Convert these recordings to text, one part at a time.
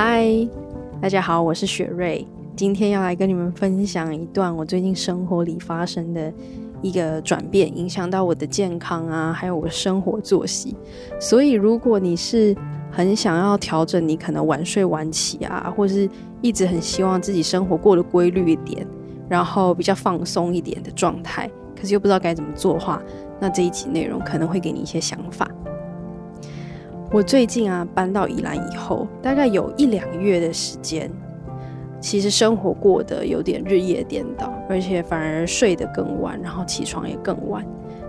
嗨，大家好，我是雪瑞。今天要來跟你們分享一段我最近生活裡發生的一個轉變，影響到我的健康啊，還有我生活作息。所以，如果你是很想要調整你可能晚睡晚起啊，或是一直很希望自己生活過得規律一點，然後比較放鬆一點的狀態，可是又不知道該怎麼做的話，那這一集內容可能會給你一些想法。我最近啊，搬到宜蘭以後，大概有一兩個月的時間，其實生活過得有點日夜顛倒，而且反而睡得更晚，然後起床也更晚，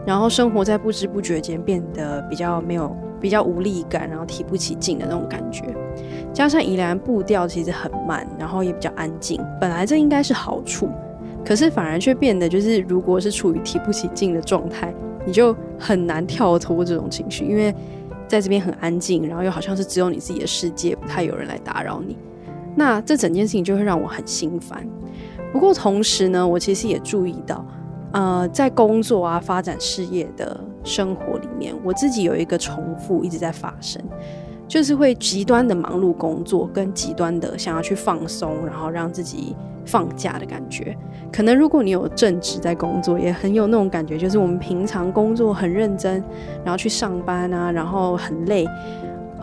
然後生活在不知不覺間變得比較沒有、比較無力感，然後提不起勁的那種感覺。加上宜蘭步調其實很慢，然後也比較安靜，本來這應該是好處，可是反而卻變得就是，如果是處於提不起勁的狀態，你就很難跳脫這種情緒，因為。在這邊很安靜，然後又好像是只有你自己的世界，不太有人來打擾你。那這整件事情就會讓我很心煩。不過同時呢，我其實也注意到，呃，在工作啊、發展事業的生活裡面，我自己有一個重複一直在發生。就是會極端的忙碌工作，跟極端的想要去放鬆，然後讓自己放假的感覺。可能如果你有正職在工作，也很有那種感覺，就是我們平常工作很認真，然後去上班啊，然後很累，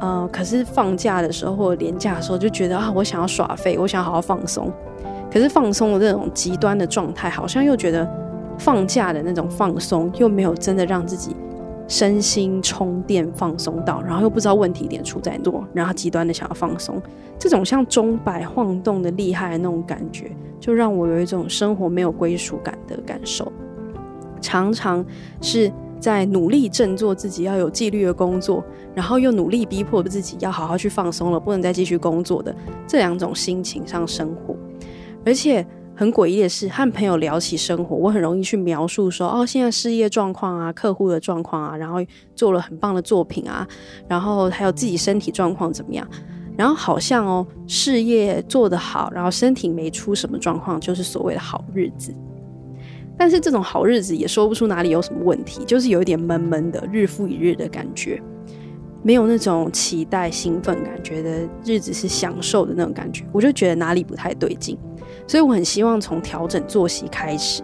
呃，可是放假的時候或者連假的時候，就覺得啊，我想要耍廢，我想要好好放鬆。可是放鬆的這種極端的狀態，好像又覺得放假的那種放鬆，又沒有真的讓自己。身心充電放鬆到，然後又不知道問題點出在哪，然後極端的想要放鬆，這種像鐘擺晃動的厲害的那種感覺，就讓我有一種生活沒有歸屬感的感受。常常是在努力振作自己要有紀律的工作，然後又努力逼迫自己要好好去放鬆了，不能再繼續工作的這兩種心情上生活，而且。很詭異的是，和朋友聊起生活，我很容易去描述說，哦，現在事業狀況啊，客戶的狀況啊，然後做了很棒的作品啊，然後還有自己身體狀況怎麼樣，然後好像哦，事業做得好，然後身體沒出什麼狀況，就是所謂的好日子。但是這種好日子也說不出哪裡有什麼問題，就是有一點悶悶的，日復一日的感覺，沒有那種期待、興奮感，覺得日子是享受的那種感覺，我就覺得哪裡不太對勁。所以我很希望從調整作息開始，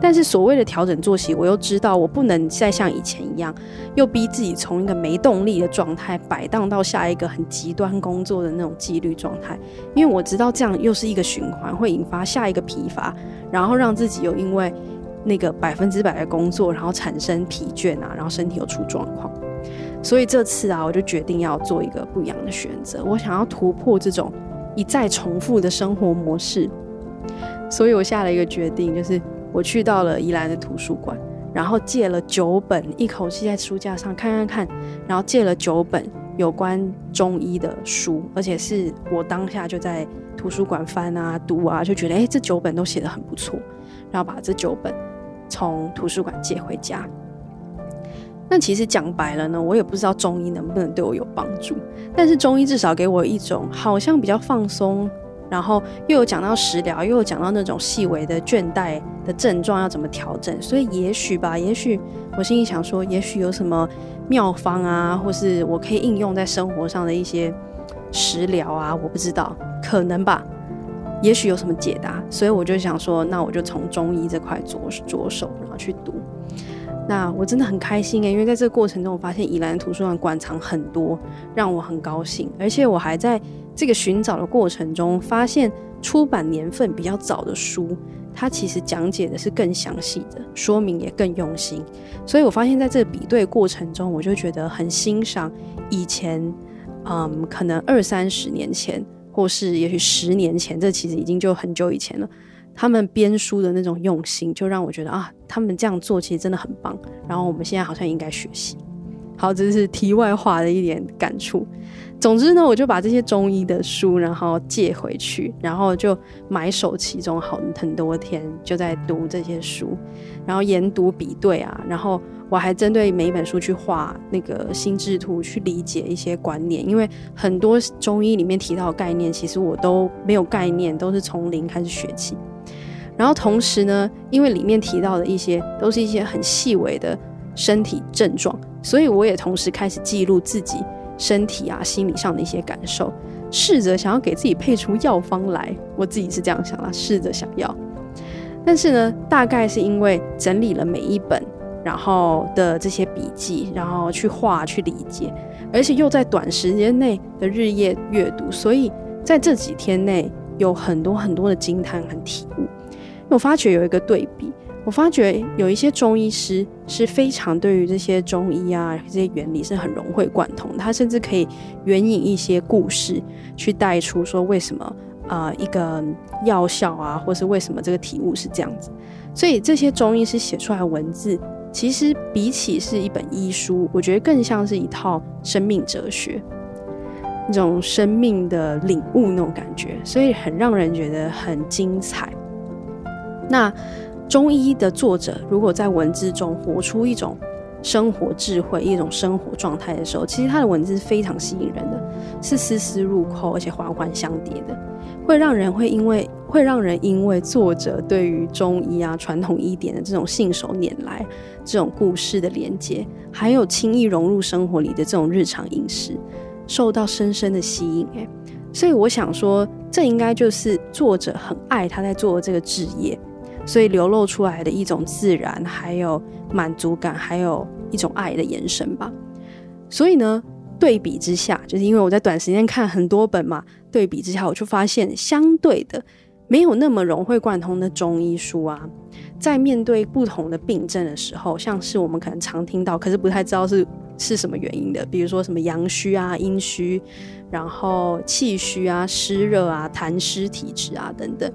但是所謂的調整作息，我又知道我不能再像以前一樣，又逼自己從一個沒動力的狀態擺盪到下一個很極端工作的那種紀律狀態，因為我知道這樣又是一個循環，會引發下一個疲乏，然後讓自己又因為那個百分之百的工作，然後產生疲倦啊，然後身體又出狀況。所以這次啊，我就決定要做一個不一樣的選擇，我想要突破這種一再重複的生活模式。所以我下了一個決定，就是我去到了宜蘭的圖書館，然後借了九本，一口氣在書架上看看看，然後借了九本有關中醫的書，而且是我當下就在圖書館翻啊讀啊，就覺得誒，這九本都寫得很不錯，然後把這九本從圖書館借回家。那其實講白了呢，我也不知道中醫能不能對我有幫助，但是中醫至少給我一種好像比較放鬆。然後又有講到食療，又有講到那種細微的倦怠的症狀要怎麼調整，所以也許吧，也許我心裡想說，也許有什麼妙方啊，或是我可以應用在生活上的一些食療啊，我不知道，可能吧，也許有什麼解答，所以我就想說，那我就從中醫這塊着着手，然後去讀。那我真的很開心誒、欸，因為在這個過程中，我發現宜蘭圖書館館藏很多，讓我很高興，而且我還在。這個尋找的過程中，發現出版年份比較早的書，它其實講解的是更詳細的，說明也更用心。所以我發現在這個比對過程中，我就覺得很欣賞以前，嗯，可能二三十年前，或是也許十年前，這其實已經就很久以前了。他們編書的那種用心，就讓我覺得啊，他們這樣做其實真的很棒。然後我們現在好像應該學習。好，這是題外話的一點感觸。總之呢，我就把這些中醫的書然後借回去，然後就埋首其中，好，很多天就在讀這些書，然後研讀、比對啊，然後我還針對每一本書去畫那個心智圖，去理解一些觀念。因為很多中醫裡面提到的概念，其實我都沒有概念，都是從零開始學起。然後同時呢，因為裡面提到的一些，都是一些很細微的。身體症狀，所以我也同時開始記錄自己身體啊、心理上的一些感受，試着想要給自己配出藥方來。我自己是這樣想啦。試着想要。但是呢，大概是因為整理了每一本，然後的這些筆記，然後去畫、去理解，而且又在短時間內的日夜閱讀，所以在這幾天內有很多很多的驚嘆和體悟。我發覺有一個對比。我發覺有一些中醫師是非常對於這些中醫啊，這些原理是很融會貫通，他甚至可以援引一些故事去帶出說為什麼啊、呃、一個藥效啊，或是為什麼這個體悟是這樣子。所以這些中醫師寫出來的文字，其實比起是一本醫書，我覺得更像是一套生命哲學，那種生命的領悟那種感覺，所以很讓人覺得很精彩。那。中醫的作者，如果在文字中活出一種生活智慧、一種生活狀態的時候，其實他的文字是非常吸引人的，是絲絲入扣，而且環環相疊的，會讓人會因為會讓人因為作者對於中醫啊、傳統醫典的這種信手拈來，這種故事的連接，還有輕易融入生活裡的這種日常飲食，受到深深的吸引、欸。誒，所以我想說，這應該就是作者很愛他在做的這個職業。所以流露出來的一種自然，還有滿足感，還有一種愛的眼神吧。所以呢，對比之下，就是因為我在短時間看很多本嘛，對比之下，我就發現相對的沒有那麼融會貫通的中醫書啊，在面對不同的病症的時候，像是我們可能常聽到，可是不太知道是是什麼原因的，比如說什麼陽虛啊、陰虛，然後氣虛啊、濕熱啊、痰濕體質啊等等。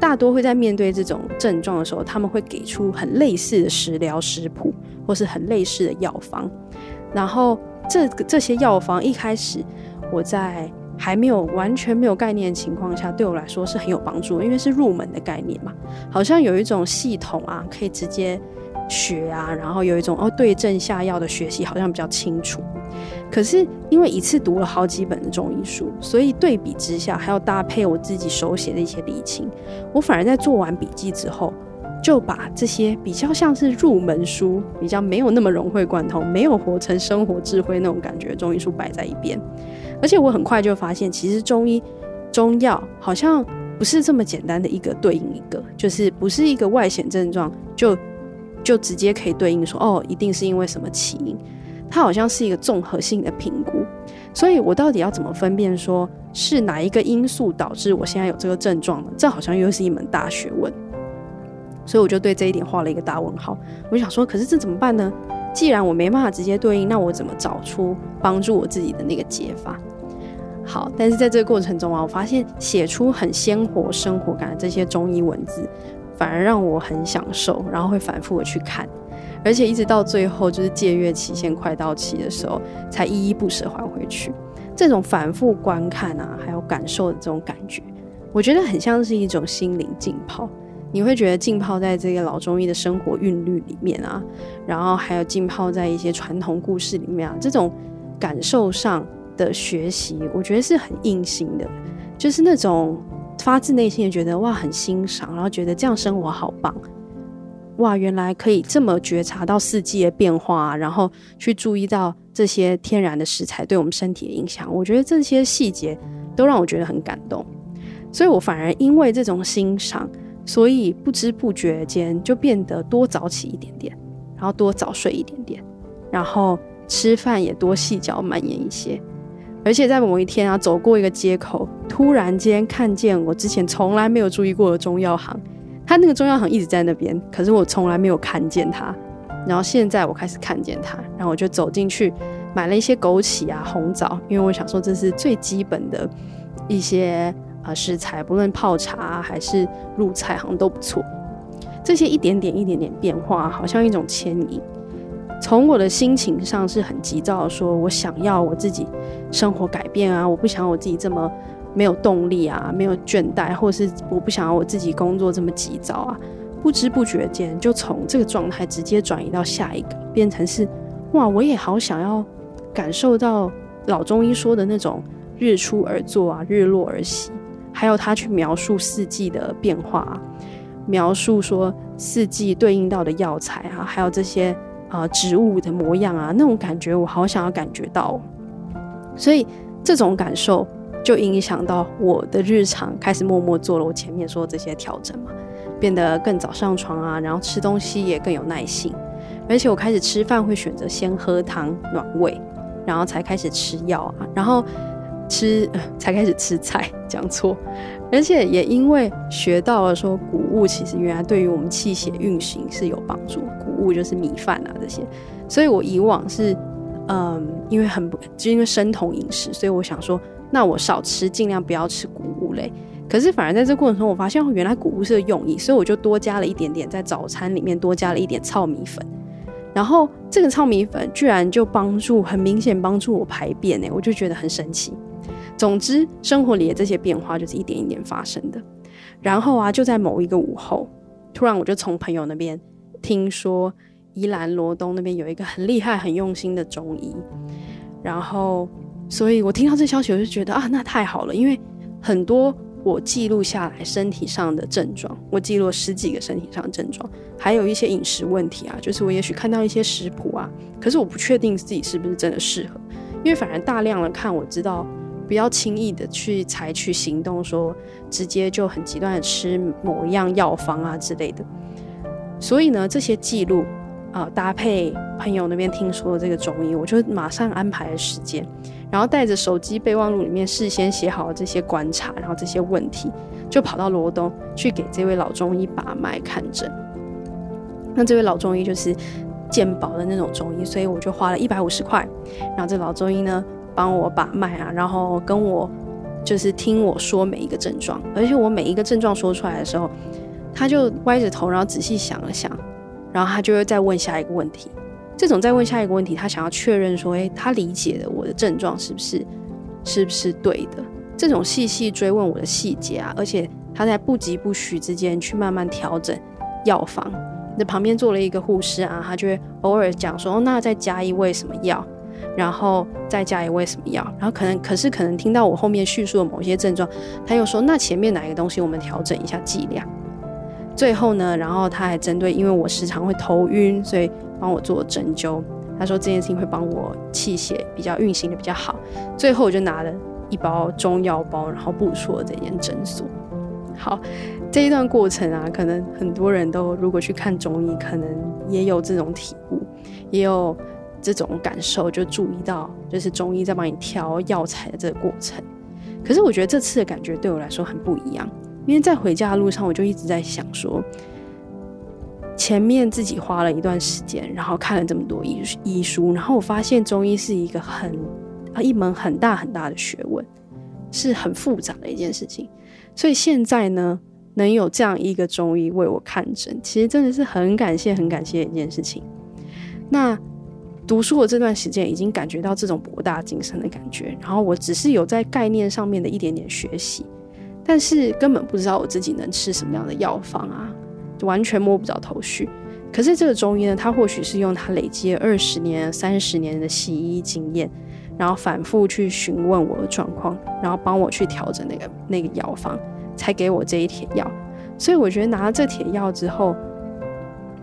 大多會在面對這種症狀的時候，他們會給出很類似的食療食譜，或是很類似的藥方。然後這這些藥方一開始我在還沒有完全沒有概念的情況下，對我來說是很有幫助，因為是入門的概念嘛。好像有一種系統啊，可以直接學啊，然後有一種哦，對症下藥的學習，好像比較清楚。可是因為一次讀了好幾本的中醫書，所以對比之下，還要搭配我自己手寫的一些理清，我反而在做完筆記之後，就把這些比較像是入門書，比較沒有那麼融會貫通，沒有活成生活智慧那種感覺的中醫書擺在一邊。而且我很快就發現，其實中醫中藥好像不是這麼簡單的一個對應一個，就是不是一個外顯症狀，就就直接可以對應說，哦，一定是因為什麼起因。它好像是一個綜合性的評估，所以我到底要怎麼分辨說，說是哪一個因素導致我現在有這個症狀呢？這好像又是一門大學問，所以我就對這一點畫了一個大問號。我想說，可是這怎麼辦呢？既然我沒辦法直接對應，那我怎麼找出幫助我自己的那個解法？好，但是在這個過程中啊，我發現寫出很鮮活、生活感的這些中醫文字，反而讓我很享受，然後會反覆的去看。而且一直到最後，就是借閱期限快到期的時候，才依依不捨還回去。這種反覆觀看啊，還有感受的這種感覺，我覺得很像是一種心靈浸泡。你會覺得浸泡在這個老中醫的生活韻律裡面啊，然後還有浸泡在一些傳統故事裡面啊，這種感受上的學習，我覺得是很硬性的，就是那種發自內心的覺得哇，很欣賞，然後覺得這樣生活好棒。哇，原來可以這麼覺察到四季的變化，然後去注意到這些天然的食材對我們身體的影響。我覺得這些細節都讓我覺得很感動，所以我反而因為這種欣賞，所以不知不覺間就變得多早起一點點，然後多早睡一點點，然後吃飯也多細嚼慢嚥一些。而且在某一天啊，走過一個街口，突然間看見我之前從來沒有注意過的中藥行。他那個中藥行一直在那邊，可是我從來沒有看見他。然後現在我開始看見他，然後我就走進去買了一些枸杞啊、紅棗，因為我想說這是最基本的，一些啊、呃、食材，不論泡茶、啊、還是入菜，好像都不錯。這些一點點、一點點變化，好像一種牽引。從我的心情上是很急躁說，說我想要我自己生活改變啊，我不想我自己這麼。沒有動力啊，沒有倦怠，或者是我不想要我自己工作這麼急躁啊，不知不覺間就從這個狀態直接轉移到下一個，變成是哇，我也好想要感受到老中醫說的那種日出而作啊，日落而息，還有他去描述四季的變化、啊，描述說四季對應到的藥材啊，還有這些啊、呃、植物的模樣啊，那種感覺我好想要感覺到、哦，所以這種感受。就影響到我的日常，開始默默做了我前面說的這些調整嘛，變得更早上床啊，然後吃東西也更有耐心，而且我開始吃飯會選擇先喝湯暖胃，然後才開始吃藥啊，然後吃、呃、才開始吃菜，講錯。而且也因為學到了說穀物其實原來對於我們氣血運行是有幫助，穀物就是米飯啊這些，所以我以往是嗯，因為很不，就因為生酮飲食，所以我想說。那我少吃，儘量不要吃穀物類。可是反而在這過程中，我發現原來穀物是個用意，所以我就多加了一點點，在早餐裡面多加了一點糙米粉。然後這個糙米粉居然就幫助，很明顯幫助我排便誒，我就覺得很神奇。總之，生活裡的這些變化就是一點一點發生的。然後啊，就在某一個午後，突然我就從朋友那邊聽說，宜蘭羅東那邊有一個很厲害、很用心的中醫，然後。所以我聽到這消息，我就覺得啊，那太好了，因為很多我記錄下來身體上的症狀，我記錄了十幾個身體上的症狀，還有一些飲食問題啊，就是我也許看到一些食譜啊，可是我不確定自己是不是真的適合，因為反而大量的看，我知道不要輕易的去採取行動說，說直接就很極端的吃某一樣藥方啊之類的。所以呢，這些記錄啊、呃，搭配朋友那邊聽說的這個中醫，我就馬上安排了時間。然後帶着手機備忘錄裡面事先寫好這些觀察，然後這些問題，就跑到羅東去給這位老中醫把脈看診。那這位老中醫就是健保的那種中醫，所以我就花了一百五十塊。然後這老中醫呢，幫我把脈啊，然後跟我就是聽我說每一個症狀，而且我每一個症狀說出來的時候，他就歪着頭，然後仔細想了想，然後他就會再問下一個問題。這種再問下一個問題，他想要確認說，誒、欸，他理解的我的症狀是不是，是不是對的？這種細細追問我的細節啊，而且他在不疾不徐之間去慢慢調整藥方。那旁邊坐了一個護士啊，他就會偶爾講說，哦，那再加一味什麼藥，然後再加一味什麼藥。然後可能，可是可能聽到我後面敘述的某些症狀，他又說，那前面哪一個東西我們調整一下劑量？最後呢，然後他還針對，因為我時常會頭暈，所以。幫我做針灸，他說這件事情會幫我氣血比較運行的比較好。最後我就拿了一包中藥包，然後步出了這間診所。好，這一段過程啊，可能很多人都如果去看中醫，可能也有這種體悟，也有這種感受，就注意到就是中醫在幫你調藥材的這個過程。可是我覺得這次的感覺對我來說很不一樣，因為在回家的路上我就一直在想說。前面自己花了一段時間，然後看了這麼多醫醫書，然後我發現中醫是一個很啊一門很大很大的學問，是很複雜的一件事情。所以現在呢，能有這樣一個中醫為我看診，其實真的是很感謝很感謝的一件事情。那讀書的這段時間，已經感覺到這種博大精深的感覺，然後我只是有在概念上面的一點點學習，但是根本不知道我自己能吃什麼樣的藥方啊。完全摸不着頭緒，可是這個中醫呢，他或許是用他累積二十年、三十年的西醫經驗，然後反覆去詢問我的狀況，然後幫我去調整那個那個藥方，才給我這一帖藥。所以我覺得拿了這帖藥之後，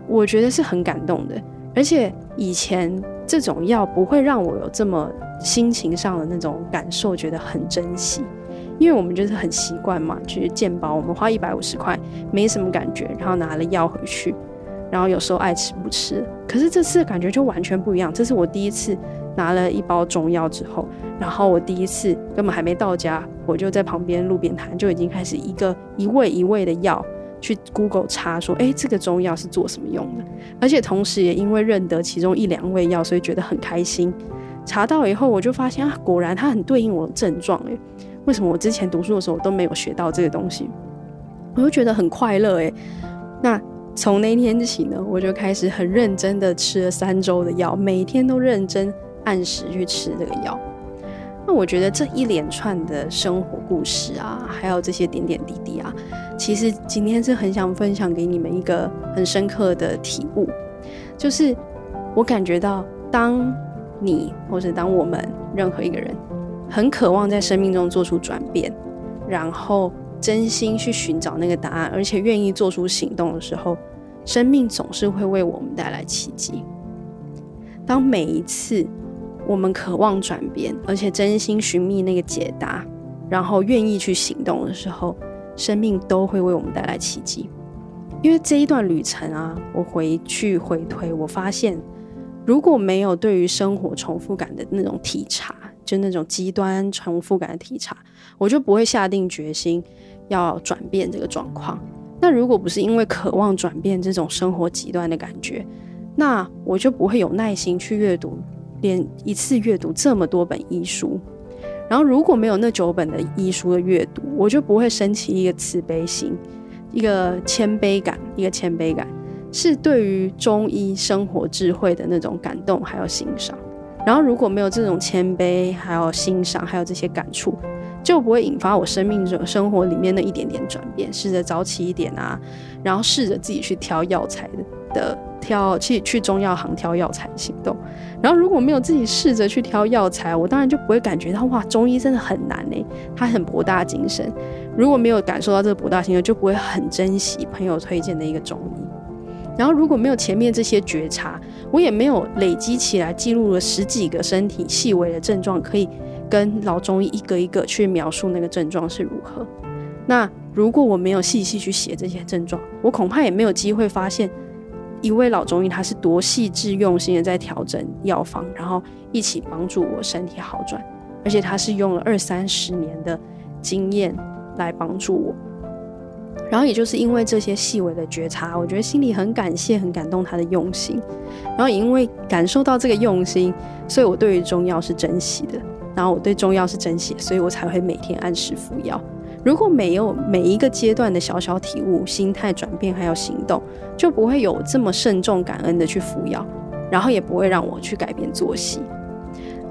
我覺得是很感動的，而且以前這種藥不會讓我有這麼心情上的那種感受，覺得很珍惜。因為我們就是很習慣嘛，就是健保，我們花一百五十塊沒什麼感覺，然後拿了藥回去，然後有時候愛吃不吃。可是這次的感覺就完全不一樣，這是我第一次拿了一包中藥之後，然後我第一次根本還沒到家，我就在旁邊路邊攤就已經開始一個一味一味的藥去 Google 查，說哎，這個中藥是做什麼用的？而且同時也因為認得其中一兩味藥，所以覺得很開心。查到以後，我就發現啊，果然它很對應我的症狀，欸，誒。為什麼我之前讀書的時候都沒有學到這個東西？我就覺得很快樂誒、欸，那從那天起呢，我就開始很認真的吃了三週的藥，每天都認真按時去吃這個藥。那我覺得這一連串的生活故事啊，還有這些點點滴滴啊，其實今天是很想分享給你們一個很深刻的體悟，就是我感覺到，當你或者當我們任何一個人，很渴望在生命中做出轉變，然後真心去尋找那個答案，而且願意做出行動的時候，生命總是會為我們帶來奇蹟。當每一次我們渴望轉變，而且真心尋覓那個解答，然後願意去行動的時候，生命都會為我們帶來奇蹟。因為這一段旅程啊，我回去回推，我發現如果沒有對於生活重複感的那種體察，就那種極端重複感的體察，我就不會下定決心要轉變這個狀況。那如果不是因為渴望轉變這種生活極端的感覺，那我就不會有耐心去閱讀，連續閱讀這麼多本醫書。然後如果沒有那九本的醫書的閱讀，我就不會升起一個慈悲心，一個謙卑感，一個謙卑感是對於中醫生活智慧的那種感動還有欣賞。然後如果沒有這種謙卑，還有欣賞，還有這些感觸，就不會引發我生命中生活裡面的一點點轉變。試着早起一點啊，然後試着自己去挑藥材的挑去去中藥行挑藥材行動。然後如果沒有自己試着去挑藥材，我當然就不會感覺到哇，中醫真的很難呢、欸，它很博大精深。如果沒有感受到這個博大精深，就不會很珍惜朋友推薦的一個中醫。然後如果沒有前面這些覺察，我也沒有累積起來記錄了十幾個身體細微的症狀，可以跟老中醫一個一個去描述那個症狀是如何。那如果我沒有細細去寫這些症狀，我恐怕也沒有機會發現一位老中醫他是多細緻用心的在調整藥方，然後一起幫助我身體好轉，而且他是用了二三十年的經驗來幫助我。然後也就是因為這些細微的覺察，我覺得心裡很感謝、很感動他的用心。然後也因為感受到這個用心，所以我對於中藥是珍惜的。然後我對中藥是珍惜，所以我才會每天按時服藥。如果沒有每一個階段的小小體悟、心態轉變，還有行動，就不會有這麼慎重、感恩的去服藥，然後也不會讓我去改變作息。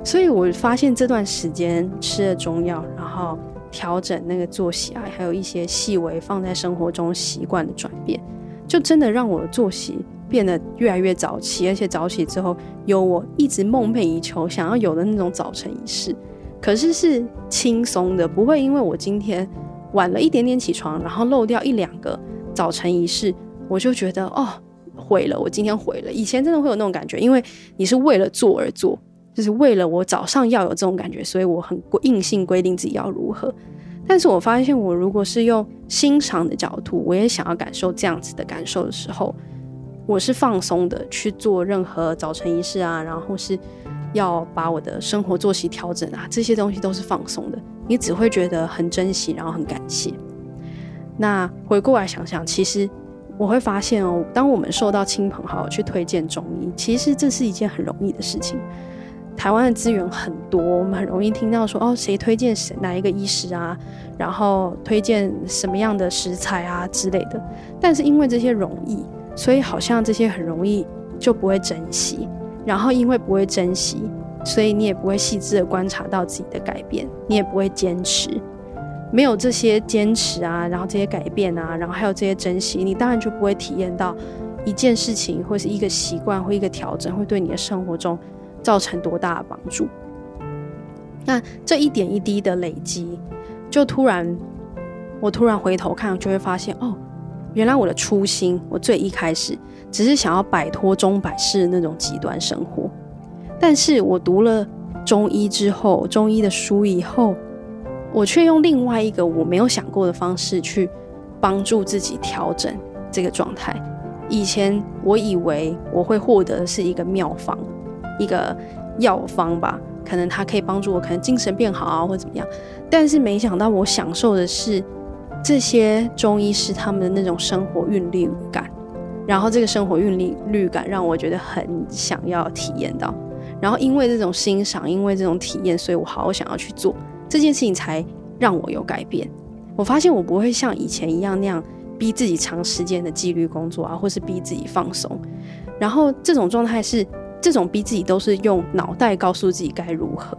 所以我發現這段時間吃了中藥，然後。調整那個作息啊，還有一些細微放在生活中習慣的轉變，就真的讓我的作息變得越來越早起，而且早起之後有我一直夢寐以求想要有的那種早晨儀式，可是是輕鬆的，不會因為我今天晚了一點點起床，然後漏掉一兩個早晨儀式，我就覺得哦，毀了，我今天毀了。以前真的會有那種感覺，因為你是為了做而做，就是為了我早上要有這種感覺，所以我很硬性規定自己要如何。但是我發現，我如果是用欣賞的角度，我也想要感受這樣子的感受的時候，我是放鬆的去做任何早晨儀式啊，然後是要把我的生活作息調整啊，這些東西都是放鬆的。你只會覺得很珍惜，然後很感謝。那回過來想想，其實我會發現哦，當我們受到親朋好友去推薦中醫，其實這是一件很容易的事情。台灣的資源很多，我們很容易聽到說哦，誰推薦誰哪一個醫師啊，然後推薦什麼樣的食材啊之類的。但是因為這些容易，所以好像這些很容易就不會珍惜，然後因為不會珍惜，所以你也不會細緻的觀察到自己的改變，你也不會堅持。沒有這些堅持啊，然後這些改變啊，然後還有這些珍惜，你當然就不會體驗到一件事情，或是一個習慣，或一個調整，會對你的生活中。造成多大的幫助？那這一點一滴的累積，就突然，我突然回頭看，就會發現，哦，原來我的初心，我最一開始只是想要擺脫鐘擺式的那種極端生活，但是我讀了中醫之後，中醫的書以後，我卻用另外一個我沒有想過的方式去幫助自己調整這個狀態。以前我以為我會獲得的是一個妙方。一個藥方吧，可能它可以幫助我，可能精神變好啊，或怎麼樣。但是沒想到，我享受的是這些中醫師他們的那種生活韻律感。然後這個生活韻律律感讓我覺得很想要體驗到。然後因為這種欣賞，因為這種體驗，所以我好好想要去做這件事情，才讓我有改變。我發現我不會像以前一樣那樣逼自己長時間的紀律工作啊，或是逼自己放鬆。然後這種狀態是。這種逼自己都是用腦袋告訴自己該如何，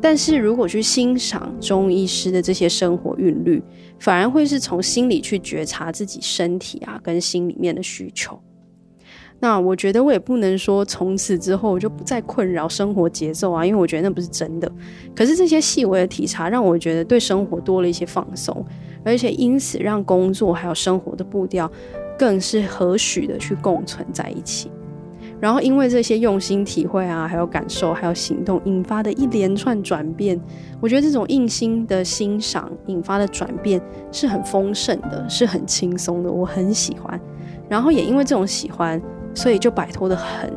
但是如果去欣賞中醫師的這些生活韻律，反而會是從心裡去覺察自己身體啊跟心裡面的需求。那我覺得我也不能說從此之後我就不再困擾生活節奏啊，因為我覺得那不是真的。可是這些細微的體察讓我覺得對生活多了一些放鬆，而且因此讓工作還有生活的步調，更是和煦的去共存在一起。然後，因為這些用心體會啊，還有感受，還有行動引發的一連串轉變，我覺得這種用心的欣賞引發的轉變是很豐盛的，是很輕鬆的，我很喜歡。然後也因為這種喜歡，所以就擺脫的很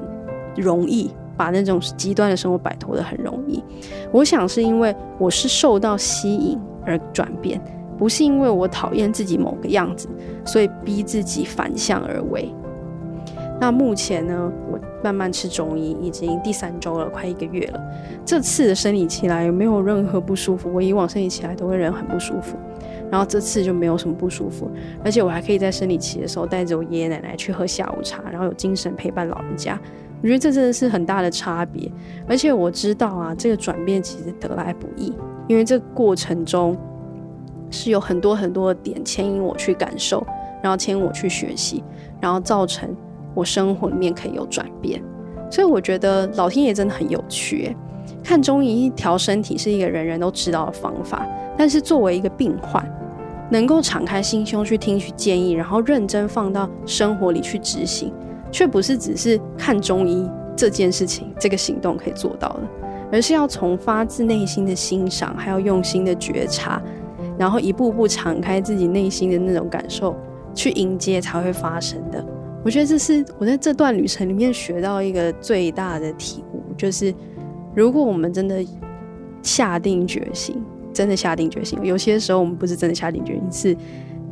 容易，把那種極端的生活擺脫的很容易。我想是因為我是受到吸引而轉變，不是因為我討厭自己某個樣子，所以逼自己反向而為。那目前呢，我慢慢吃中醫已經第三周了，快一個月了。這次的生理期來沒有任何不舒服，我以往生理期來都會人很不舒服，然後這次就沒有什麼不舒服，而且我還可以在生理期的時候帶着我爺爺奶奶去喝下午茶，然後有精神陪伴老人家，我覺得這真的是很大的差別。而且我知道啊，這個轉變其實得來不易，因為這個過程中是有很多很多的點牽引我去感受，然後牽引我去學習，然後造成。我生活裡面可以有轉變，所以我覺得老天爺真的很有趣欸。看中醫調身體是一個人人都知道的方法，但是作為一個病患，能夠敞開心胸去聽取建議，然後認真放到生活裡去執行，卻不是只是看中醫這件事情、這個行動可以做到的，而是要從發自內心的欣賞，還要用心的覺察，然後一步步敞開自己內心的那種感受去迎接才會發生的。我覺得這是我在這段旅程裡面學到一個最大的體悟，就是如果我們真的下定決心，真的下定決心。有些時候我們不是真的下定決心，是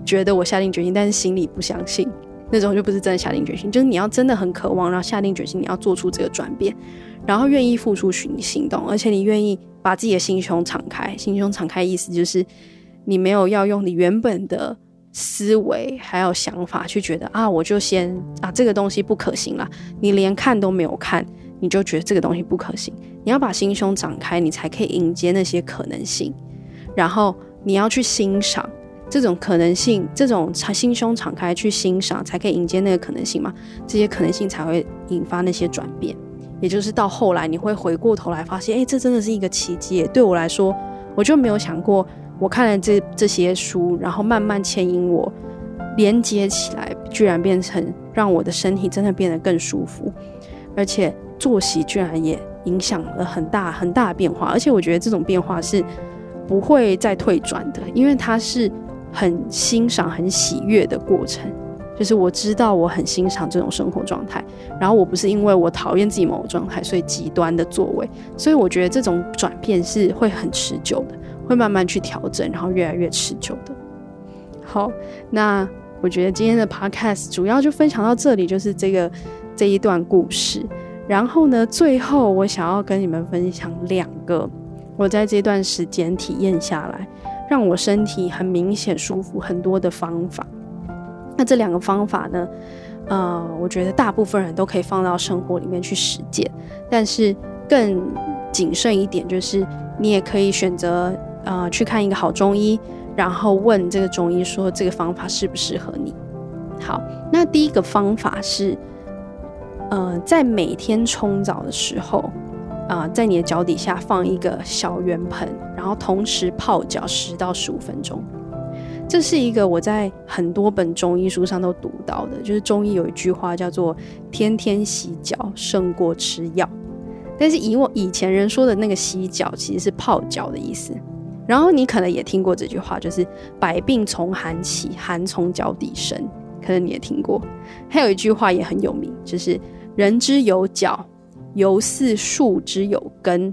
覺得我下定決心，但是心裡不相信，那種就不是真的下定決心。就是你要真的很渴望，然後下定決心，你要做出這個轉變，然後願意付出行行動，而且你願意把自己的心胸敞開。心胸敞開意思就是你沒有要用你原本的，思維還有想法，去覺得啊，我就先啊，這個東西不可行了。你連看都沒有看，你就覺得這個東西不可行。你要把心胸展開，你才可以迎接那些可能性。然後你要去欣賞這種可能性，這種心胸敞開去欣賞，才可以迎接那個可能性嘛。這些可能性才會引發那些轉變。也就是到後來，你會回過頭來發現，哎、欸，這真的是一個奇蹟。對我來說，我就沒有想過。我看了這這些書，然後慢慢牽引我連接起來，居然變成讓我的身體真的變得更舒服，而且作息居然也影響了很大很大的變化。而且我覺得這種變化是不會再退轉的，因為它是很欣賞、很喜悅的過程。就是我知道我很欣賞這種生活狀態，然後我不是因為我討厭自己某種狀態，所以極端的作為。所以我覺得這種轉變是會很持久的。會慢慢去調整，然後越來越持久的。好，那我覺得今天的 podcast 主要就分享到這裡，就是這個這一段故事。然後呢，最後我想要跟你們分享兩個我在這段時間體驗下來，讓我身體很明顯舒服很多的方法。那這兩個方法呢，呃，我覺得大部分人都可以放到生活裡面去實踐，但是更謹慎一點，就是你也可以選擇。啊、呃，去看一個好中醫，然後問這個中醫說這個方法適不適合你。好，那第一個方法是，呃，在每天沖澡的時候，啊、呃，在你的腳底下放一個小圓盆，然後同時泡腳十到十五分鐘。這是一個我在很多本中醫書上都讀到的，就是中醫有一句話叫做“天天洗腳勝過吃藥”，但是以往以前人說的那個洗腳其實是泡腳的意思。然後你可能也聽過這句話，就是“百病從寒起，寒從腳底生”，可能你也聽過。還有一句話也很有名，就是“人之有腳，猶似樹之有根；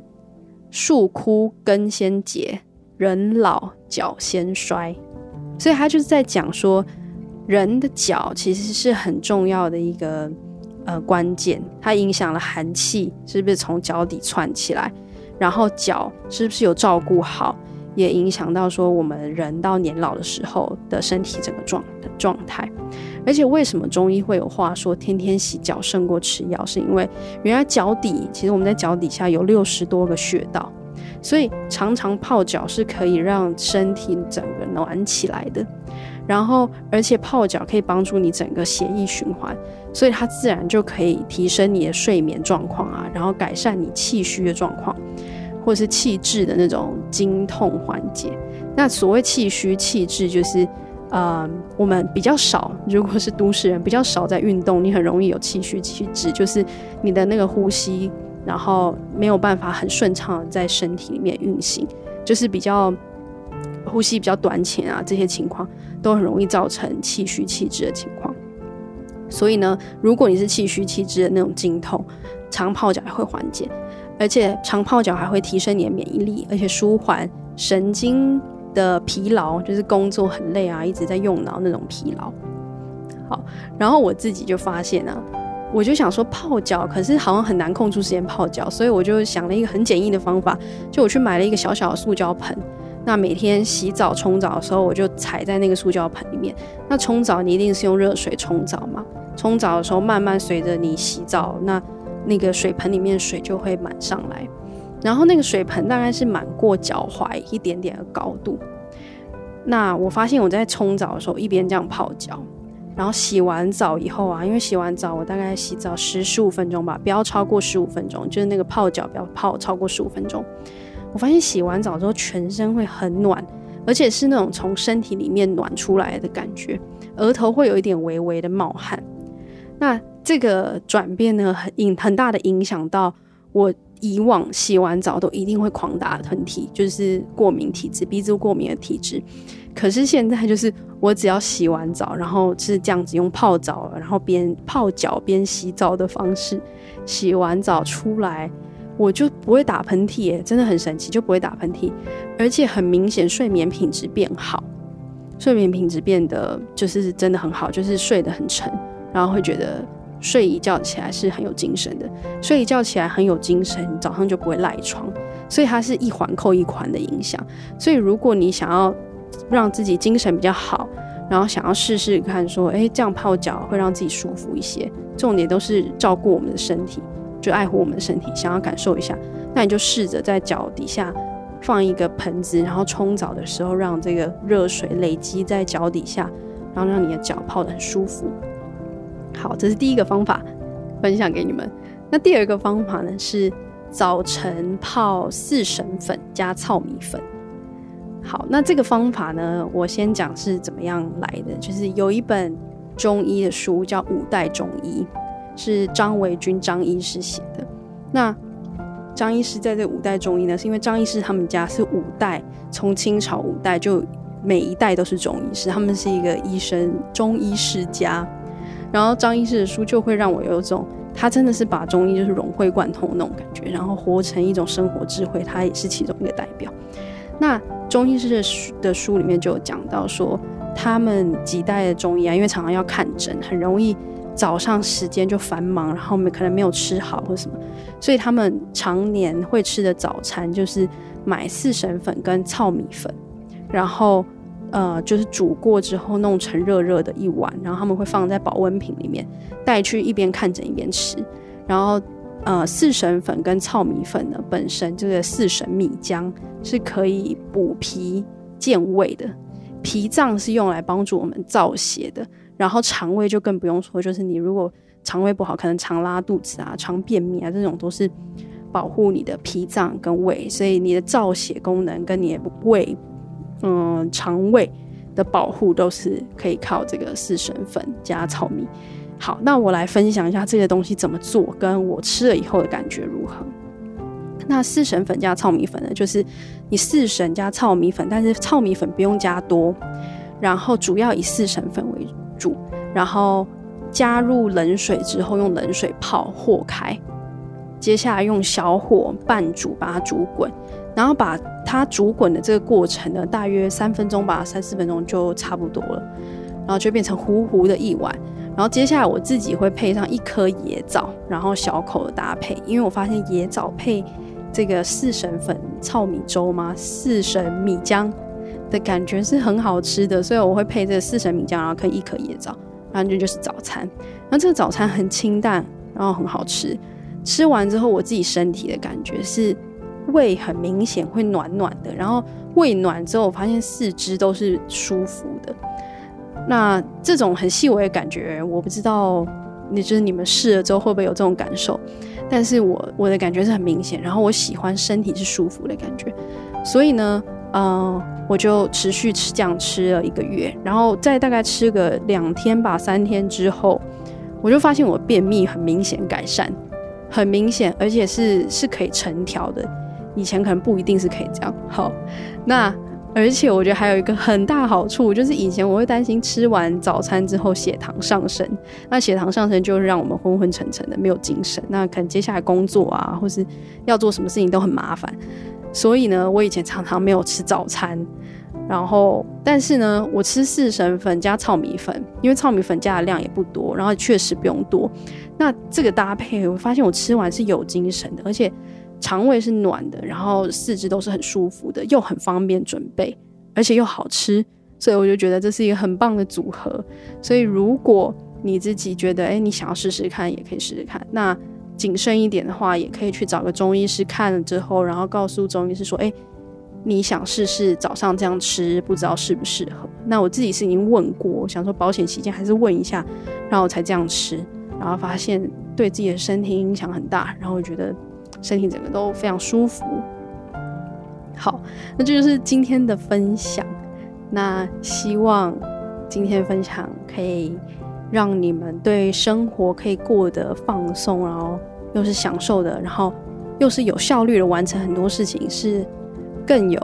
樹枯根先竭，人老腳先衰。”所以他就是在講說，人的腳其實是很重要的一個呃關鍵，它影響了寒氣是不是從腳底竄起來，然後腳是不是有照顧好。也影響到說我們人到年老的時候的身體整個狀的狀態，而且為什麼中醫會有話說天天洗腳勝過吃藥？是因為原來腳底其實我們在腳底下有六十多個穴道，所以常常泡腳是可以讓身體整個暖起來的，然後而且泡腳可以幫助你整個血液循環，所以它自然就可以提升你的睡眠狀況啊，然後改善你氣虛的狀況。或是氣滯的那種經痛緩解。那所謂氣虛氣滯，就是，嗯、呃，我們比較少，如果是都市人比較少在運動，你很容易有氣虛氣滯，就是你的那個呼吸，然後沒有辦法很順暢在身體裡面運行，就是比較呼吸比較短淺啊，這些情況都很容易造成氣虛氣滯的情況。所以呢，如果你是氣虛氣滯的那種經痛，常泡腳也會緩解。而且常泡腳還會提升你的免疫力，而且舒緩神經的疲勞，就是工作很累啊，一直在用腦那種疲勞。好，然後我自己就發現啊，我就想說泡腳，可是好像很難空出時間泡腳，所以我就想了一個很簡易的方法，就我去買了一個小小的塑膠盆，那每天洗澡沖澡的時候，我就踩在那個塑膠盆裡面。那沖澡你一定是用熱水沖澡嘛，沖澡的時候慢慢隨着你洗澡那。那個水盆裡面水就會滿上來，然後那個水盆大概是滿過腳踝一點點的高度。那我發現我在沖澡的時候一邊這樣泡腳，然後洗完澡以後啊，因為洗完澡我大概洗澡十十五分鐘吧，不要超過十五分鐘，就是那個泡腳不要泡超過十五分鐘。我發現洗完澡之後全身會很暖，而且是那種從身體裡面暖出來的感覺，額頭會有一點微微的冒汗。那這個轉變呢，很影很大的影響到我以往洗完澡都一定會狂打噴嚏，就是過敏體質，鼻子過敏的體質。可是現在就是我只要洗完澡，然後是這樣子用泡澡，然後邊泡腳邊洗澡的方式，洗完澡出來我就不會打噴嚏，真的很神奇，就不會打噴嚏，而且很明顯睡眠品質變好，睡眠品質變得就是真的很好，就是睡得很沉，然後會覺得。睡一覺起來是很有精神的。睡一覺起來很有精神，你早上就不會賴床，所以它是一環扣一環的影響。所以如果你想要讓自己精神比較好，然後想要試試看說，誒，這樣泡腳會讓自己舒服一些，重點都是照顧我們的身體，就愛護我們的身體，想要感受一下，那你就試着在腳底下放一個盆子，然後沖澡的時候讓這個熱水累積在腳底下，然後讓你的腳泡得很舒服。好，這是第一個方法，分享給你們。那第二個方法呢，是早晨泡四神粉加糙米粉。好，那這個方法呢，我先講是怎麼樣來的，就是有一本中醫的書叫《五代中醫》，是張維軍張醫師寫的。那張醫師在這五代中醫呢，是因為張醫師他們家是五代，從清朝五代就每一代都是中醫師，他們是一個醫生，中醫世家。然後張醫師的書就會讓我有一種，他真的是把中醫就是融會貫通的那種感覺，然後活成一種生活智慧，他也是其中一個代表。那中醫師的書，的書裡面就有講到說，他們幾代的中醫啊，因為常常要看診，很容易早上時間就繁忙，然後可能沒有吃好或者什麼，所以他們常年會吃的早餐就是買四神粉跟糙米粉，然後。呃，就是煮過之後弄成熱熱的一碗，然後他們會放在保溫瓶裡面帶去一邊看診一邊吃。然後，呃，四神粉跟糙米粉呢，本身這個四神米漿是可以補脾健胃的。脾臟是用來幫助我們造血的，然後腸胃就更不用說，就是你如果腸胃不好，可能常拉肚子啊、常便秘啊，這種都是保護你的脾臟跟胃，所以你的造血功能跟你的胃。嗯，腸胃的保護都是可以靠這個四神粉加糙米。好，那我來分享一下這些東西怎麼做，跟我吃了以後的感覺如何。那四神粉加糙米粉呢，就是你四神加糙米粉，但是糙米粉不用加多，然後主要以四神粉為主，然後加入冷水之後用冷水泡和開，接下來用小火拌煮，把它煮滾。然後把它煮滾的這個過程呢，大約三分鐘吧，三四分鐘就差不多了，然後就變成糊糊的一碗。然後接下來我自己會配上一顆椰棗，然後小口的搭配，因為我發現椰棗配這個四神粉糙米粥嘛，四神米漿的感覺是很好吃的，所以我會配這個四神米漿，然後配一顆椰棗，然後這就是早餐。那這個早餐很清淡，然後很好吃。吃完之後，我自己身體的感覺是。胃很明顯會暖暖的，然後胃暖之後，我發現四肢都是舒服的。那這種很細微的感覺，我不知道，你就是你們試了之後會不會有這種感受？但是我我的感覺是很明顯，然後我喜歡身體是舒服的感覺，所以呢，嗯、呃，我就持續吃這樣吃了一個月，然後在大概吃個兩天吧、三天之後，我就發現我便秘很明顯改善，很明顯，而且是是可以成條的。以前可能不一定是可以這樣。好，那而且我覺得還有一個很大好處就是，以前我會擔心吃完早餐之後血糖上升，那血糖上升就是讓我們昏昏沉沉的，沒有精神。那可能接下來工作啊，或是要做什麼事情都很麻煩。所以呢，我以前常常沒有吃早餐，然後但是呢，我吃四神粉加糙米粉，因為糙米粉加的量也不多，然後確實不用多。那這個搭配，我發現我吃完是有精神的，而且，腸胃是暖的，然後四肢都是很舒服的，又很方便準備，而且又好吃，所以我就覺得這是一個很棒的組合。所以如果你自己覺得，欸，你想要試試看，也可以試試看。那謹慎一點的話，也可以去找個中醫師看了之後，然後告訴中醫師說，欸，你想試試早上這樣吃，不知道適不適合。那我自己是已經問過，想說保險起見還是問一下，然後我才這樣吃，然後發現對自己的身體影響很大，然後我覺得。身體整個都非常舒服。好，那這就，就是今天的分享。那希望今天的分享可以讓你們對生活可以過得放鬆，然後又是享受的，然後又是有效率的完成很多事情，是更有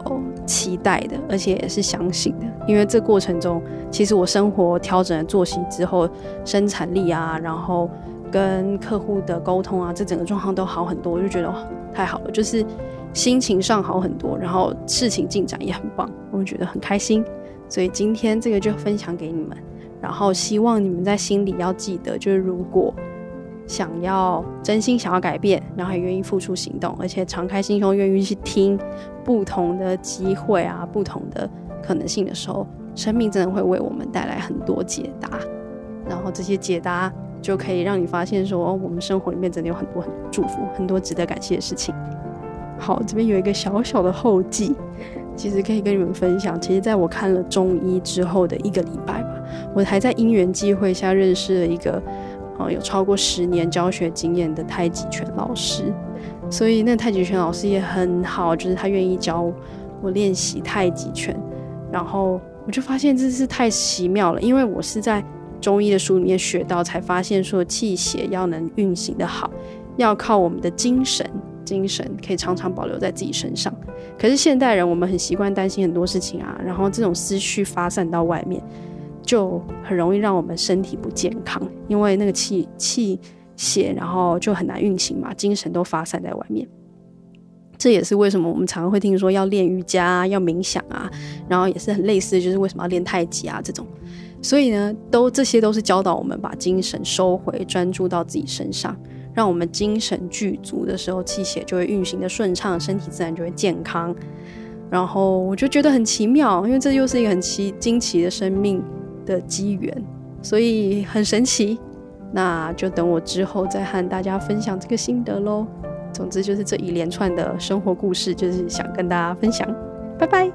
期待的，而且也是相信的。因為這過程中，其實我生活調整了作息之後，生產力啊，然後。跟客戶的溝通啊，這整個狀況都好很多，我就覺得太好了，就是心情上好很多，然後事情進展也很棒，我覺得很開心。所以今天這個就分享給你們，然後希望你們在心裡要記得，就是如果想要真心想要改變，然後也願意付出行動，而且敞開心胸，願意去聽不同的機會啊，不同的可能性的時候，生命真的會為我們帶來很多解答。然後這些解答。就可以讓你發現說，說、哦、我們生活裡面真的有很多很多祝福，很多值得感謝的事情。好，這邊有一個小小的後記，其實可以跟你們分享。其實，在我看了中醫之後的一個禮拜吧，我還在因緣際會下認識了一個，呃、哦，有超過十年教學經驗的太極拳老師。所以那太極拳老師也很好，就是他願意教我練習太極拳。然後我就發現這是太奇妙了，因為我是在。中醫的書裡面學到，才發現說氣血要能運行得好，要靠我們的精神，精神可以常常保留在自己身上。可是現代人，我們很習慣擔心很多事情啊，然後這種思緒發散到外面，就很容易讓我們身體不健康，因為那個氣氣血，然後就很難運行嘛，精神都發散在外面。這也是為什麼我們常常會聽說要練瑜伽啊，要冥想啊，然後也是很類似，就是為什麼要練太極啊這種。所以呢，都，這些都是教導我們把精神收回，專注到自己身上，讓我們精神具足的時候，氣血就會運行得順暢，身體自然就會健康。然後我就覺得很奇妙，因為這又是一個很奇驚奇的生命的機緣，所以很神奇。那就等我之後再和大家分享這個心得嘍。總之就是這一連串的生活故事，就是想跟大家分享。拜拜！